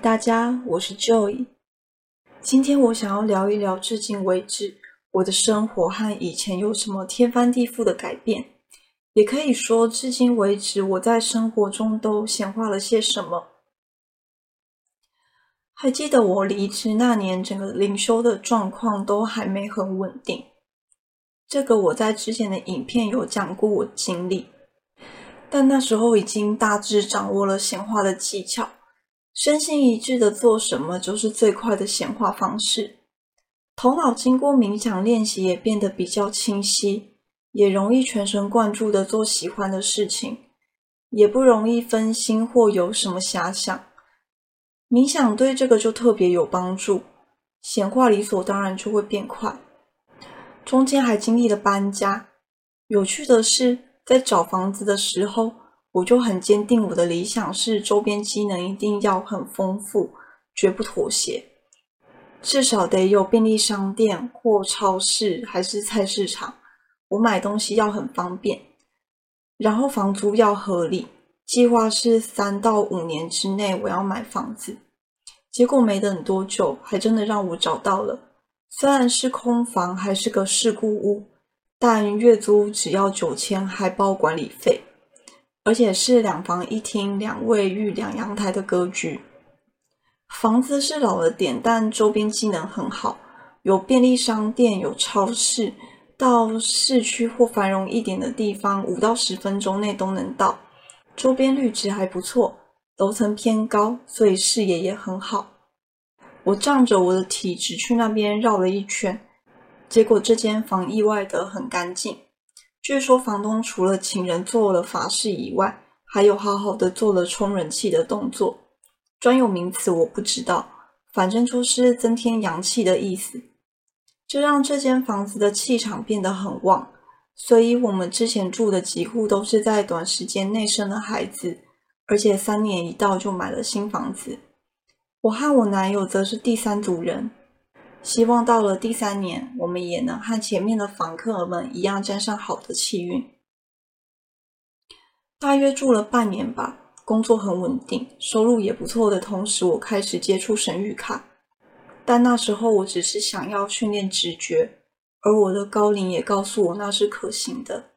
大家，我是 Joy。今天我想要聊一聊，至今為止我的生活和以前有什麼天翻地覆的改變，也可以說，至今為止我在生活中都顯化了些什麼。還記得我離職那年，整個靈修的狀況都還沒很穩定。這個我在之前的影片有講過我經歷，但那時候已經大致掌握了顯化的技巧。身心一致的做什麼，就是最快的顯化方式。頭腦經過冥想練習也變得比較清晰，也容易全神貫注地做喜歡的事情，也不容易分心或有什麼遐想。冥想對這個就特別有幫助，顯化理所當然就會變快。中間還經歷了搬家，有趣的是，在找房子的時候，我就很堅定，我的理想是周邊機能一定要很豐富，絕不妥協，至少得有便利商店或超市，還是菜市場。我買東西要很方便，然後房租要合理。計劃是三到五年之內我要買房子。結果沒等多久，還真的讓我找到了，雖然是空房，還是個事故屋，但月租只要九千，還包管理費。而且是兩房一廳、兩衛浴、兩陽台的格局。房子是老了點，但周邊機能很好，有便利商店、有超市，到市區或繁榮一點的地方，五到十分鐘內都能到。周邊綠植還不錯，樓層偏高，所以視野也很好。我仗着我的體質去那邊繞了一圈，結果這間房意外的很乾淨。據說房東除了請人做了法事以外，還有好好的做了充人氣的動作。專有名詞我不知道，反正就是增添陽氣的意思，這讓這間房子的氣場變得很旺。所以我們之前住的幾戶都是在短時間內生了孩子，而且三年一到就買了新房子。我和我男友則是第三組人。希望到了第三年，我們也能和前面的房客們一樣沾上好的氣運。大約住了半年吧，工作很穩定，收入也不錯的同時，我開始接觸神諭卡。但那時候我只是想要訓練直覺，而我的高靈也告訴我那是可行的，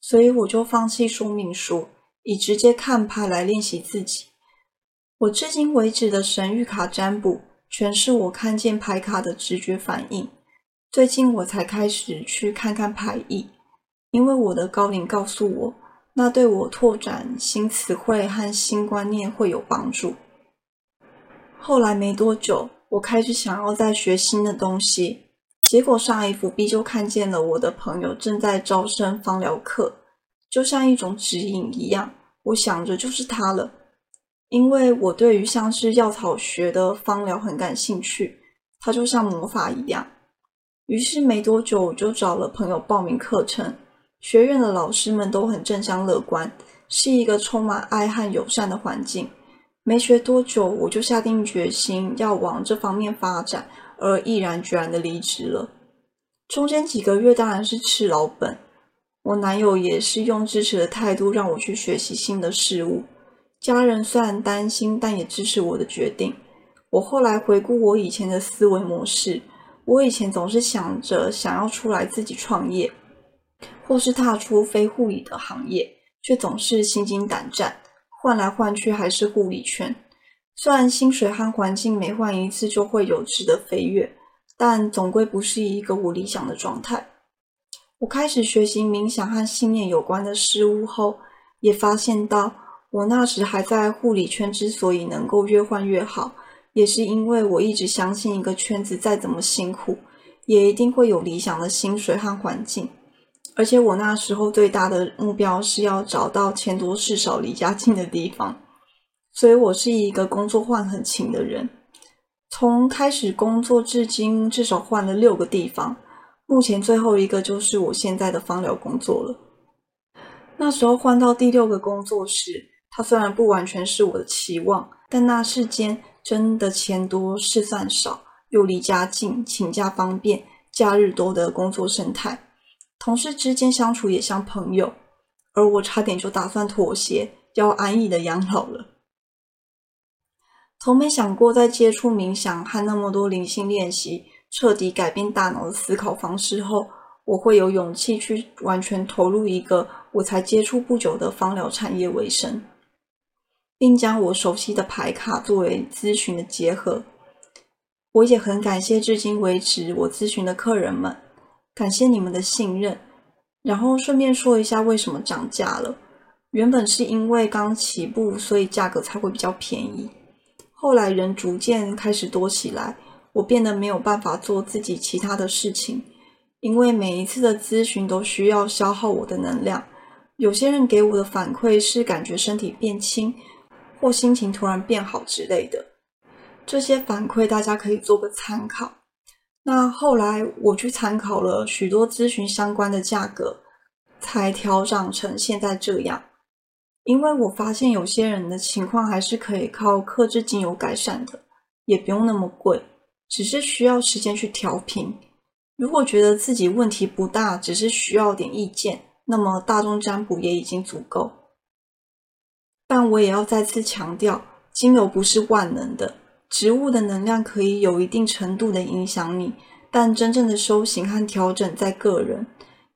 所以我就放棄說明書，以直接看牌來練習自己。我至今為止的神諭卡占卜，全是我看見牌卡的直覺反應。最近我才開始去看看牌意，因為我的高齡告訴我，那對我拓展新詞彙和新觀念會有幫助。後來沒多久，我開始想要再學新的東西，結果上 F B 就看見了我的朋友正在招生芳療課，就像一種指引一樣，我想着就是他了。因為我對於像是藥草學的芳療很感興趣，它就像魔法一樣。於是沒多久我就找了朋友報名課程。學院的老師們都很正向樂觀，是一個充滿愛和友善的環境。沒學多久，我就下定決心要往這方面發展，而毅然決然的離職了。中間幾個月當然是吃老本，我男友也是用支持的態度讓我去學習新的事物。家人雖然擔心，但也支持我的決定。我後來回顧我以前的思維模式，我以前總是想着想要出來自己創業，或是踏出非護理的行業，卻總是心驚膽戰，換來換去還是護理圈。雖然薪水和環境每換一次就會有質的飛躍，但總歸不是一個我理想的狀態。我開始學習冥想和信念有關的事物後，也發現到。我那時還在護理圈，之所以能夠越換越好，也是因為我一直相信一個圈子再怎麼辛苦，也一定會有理想的薪水和環境。而且我那時候最大的目標是要找到錢多事少、離家近的地方，所以我是一個工作換很勤的人。從開始工作至今，至少換了六個地方，目前最後一個就是我現在的芳療工作了。那時候換到第六個工作室。它雖然不完全是我的期望，但那世間真的錢多事算少，又離家近，請假方便，假日多的工作生態，同事之間相處也像朋友，而我差點就打算妥協，要安逸的養老了。從沒想過，在接觸冥想和那麼多靈性練習，徹底改變大腦的思考方式後，我會有勇氣去完全投入一個我才接觸不久的芳療產業為生。並將我熟悉的牌卡作為諮詢的結合，我也很感謝至今為止我諮詢的客人們，感謝你們的信任。然後順便說一下，為什麼漲價了？原本是因為剛起步，所以價格才會比較便宜。後來人逐漸開始多起來，我變得沒有辦法做自己其他的事情，因為每一次的諮詢都需要消耗我的能量。有些人給我的反饋是感覺身體變輕，或心情突然變好之類的，這些反饋大家可以做個參考。那後來我去參考了許多諮詢相關的價格，才調整成現在這樣。因為我發現有些人的情況還是可以靠客製精油改善的，也不用那麼貴，只是需要時間去調頻。如果覺得自己問題不大，只是需要點意見，那麼大眾占卜也已經足夠。但我也要再次強調，精油不是萬能的，植物的能量可以有一定程度的影響你，但真正的修行和調整在個人。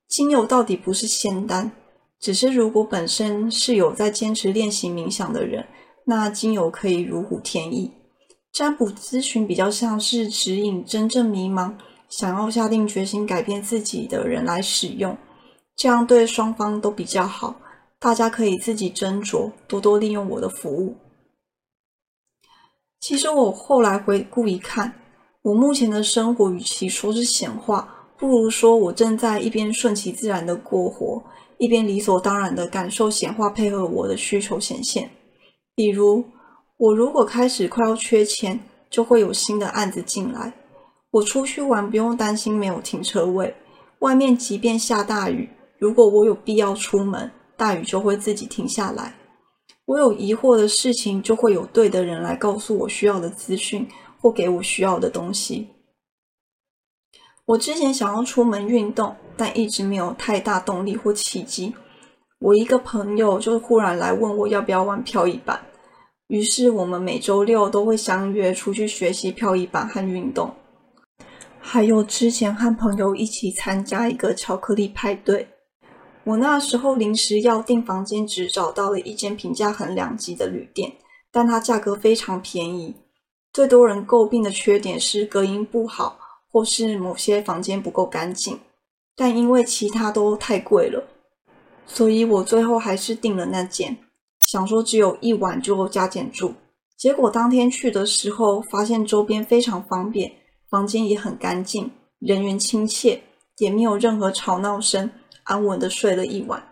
精油到底不是仙丹，只是如果本身是有在堅持練習冥想的人，那精油可以如虎添翼。占卜諮詢比較像是指引真正迷茫，想要下定決心改變自己的人來使用，這樣對雙方都比較好。大家可以自己斟酌，多多利用我的服務。其實我後來回顧一看，我目前的生活與其說是顯化，不如說我正在一邊順其自然的過活，一邊理所當然的感受顯化配合我的需求顯現。比如，我如果開始快要缺錢，就會有新的案子進來；我出去玩，不用擔心沒有停車位。外面即便下大雨，如果我有必要出門。大雨就會自己停下來。我有疑惑的事情，就會有對的人來告訴我需要的資訊，或給我需要的東西。我之前想要出門運動，但一直沒有太大動力或契機。我一個朋友就忽然來問我要不要玩漂移板，於是我們每週六都會相約出去學習漂移板和運動。還有之前和朋友一起參加一個巧克力派對。我那時候臨時要訂房間，只找到了一間評價很兩極的旅店，但它價格非常便宜。最多人詬病的缺點是隔音不好，或是某些房間不夠乾淨。但因為其他都太貴了，所以我最後還是訂了那間，想說只有一晚就加減住。結果當天去的時候，發現周邊非常方便，房間也很乾淨，人員親切，也沒有任何吵鬧聲。安穩的睡了一晚，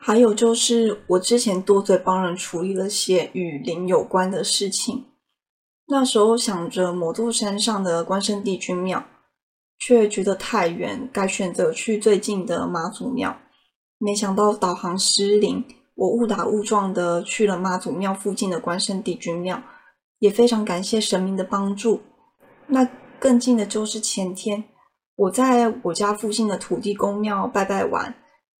還有就是我之前多嘴幫人處理了些與靈有關的事情。那時候想着某座山上的關聖帝君廟，卻覺得太遠，該選擇去最近的媽祖廟。沒想到導航失靈，我誤打誤撞的去了媽祖廟附近的關聖帝君廟，也非常感謝神明的幫助。那更近的就是前天。我在我家附近的土地公廟拜拜完，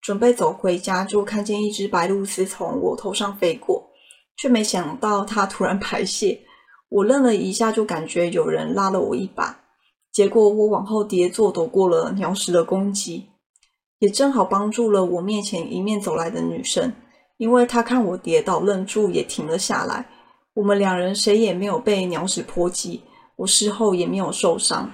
準備走回家，就看見一隻白鷺鷥從我頭上飛過，卻沒想到它突然排泄。我愣了一下，就感覺有人拉了我一把，結果我往後跌坐，躲過了鳥屎的攻擊，也正好幫助了我面前迎面走來的女生，因為她看我跌倒愣住，也停了下來。我們兩人誰也沒有被鳥屎波及，我事後也沒有受傷。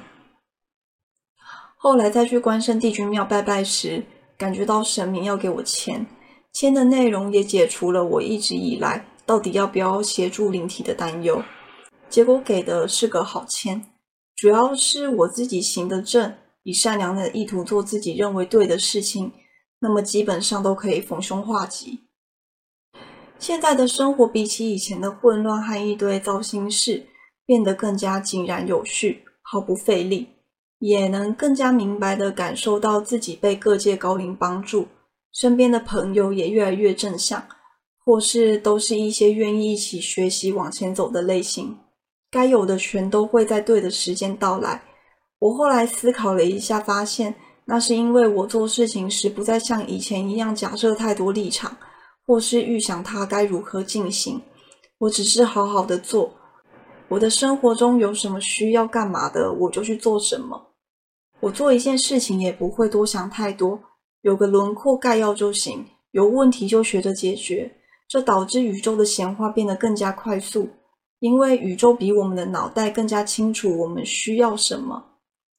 後來再去關聖帝君廟拜拜時，感覺到神明要給我籤，籤的內容也解除了我一直以來到底要不要協助靈體的擔憂。結果給的是個好籤，主要是我自己行得正，以善良的意圖做自己認為對的事情，那麼基本上都可以逢凶化吉。現在的生活比起以前的混亂和一堆糟心事，變得更加井然有序，毫不費力。也能更加明白地感受到自己被各界高靈幫助，身邊的朋友也越來越正向，或是都是一些願意一起學習往前走的類型。該有的全都會在對的時間到來。我後來思考了一下，發現那是因為我做事情時不再像以前一樣假設太多立場，或是預想它該如何進行。我只是好好的做，我的生活中有什麼需要幹嘛的，我就去做什麼。我做一件事情也不會多想太多，有個輪廓概要就行。有問題就學着解決，這導致宇宙的顯化變得更加快速，因為宇宙比我們的腦袋更加清楚我們需要什麼。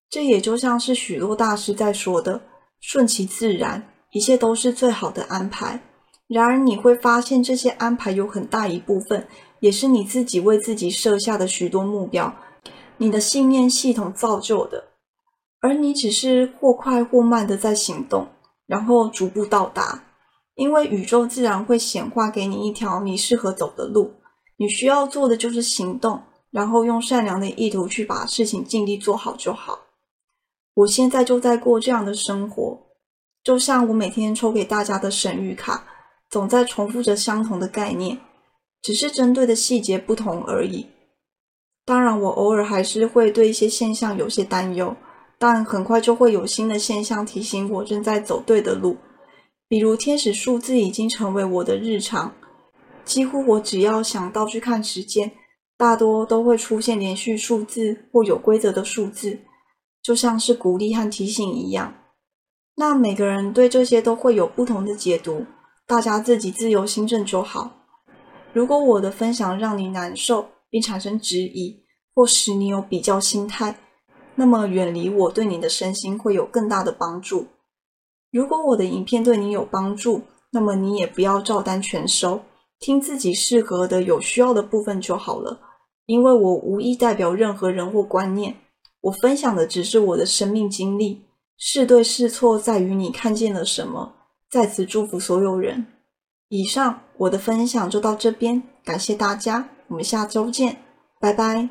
這也就像是許多大師在說的：順其自然，一切都是最好的安排。然而，你會發現這些安排有很大一部分也是你自己為自己設下的許多目標，你的信念系統造就的。而你只是或快或慢的在行動，然後逐步到達，因為宇宙自然會顯化給你一條你適合走的路。你需要做的就是行動，然後用善良的意圖去把事情盡力做好就好。我現在就在過這樣的生活，就像我每天抽給大家的神諭卡，總在重複着相同的概念，只是針對的細節不同而已。當然，我偶爾還是會對一些現象有些擔憂。但很快就會有新的現象提醒我正在走對的路，比如天使數字已經成為我的日常，幾乎我只要想到去看時間，大多都會出現連續數字或有規則的數字，就像是鼓勵和提醒一樣。那每個人對這些都會有不同的解讀，大家自己自由心證就好。如果我的分享讓你難受並產生質疑，或使你有比較心態，那麼遠離我對你的身心會有更大的幫助。如果我的影片對你有幫助，那麼你也不要照單全收，聽自己適合的、有需要的部分就好了。因為我無意代表任何人或觀念，我分享的只是我的生命經歷，是對是錯在於你看見了什麼。在此祝福所有人，以上我的分享就到這邊，感謝大家，我們下周見，拜拜。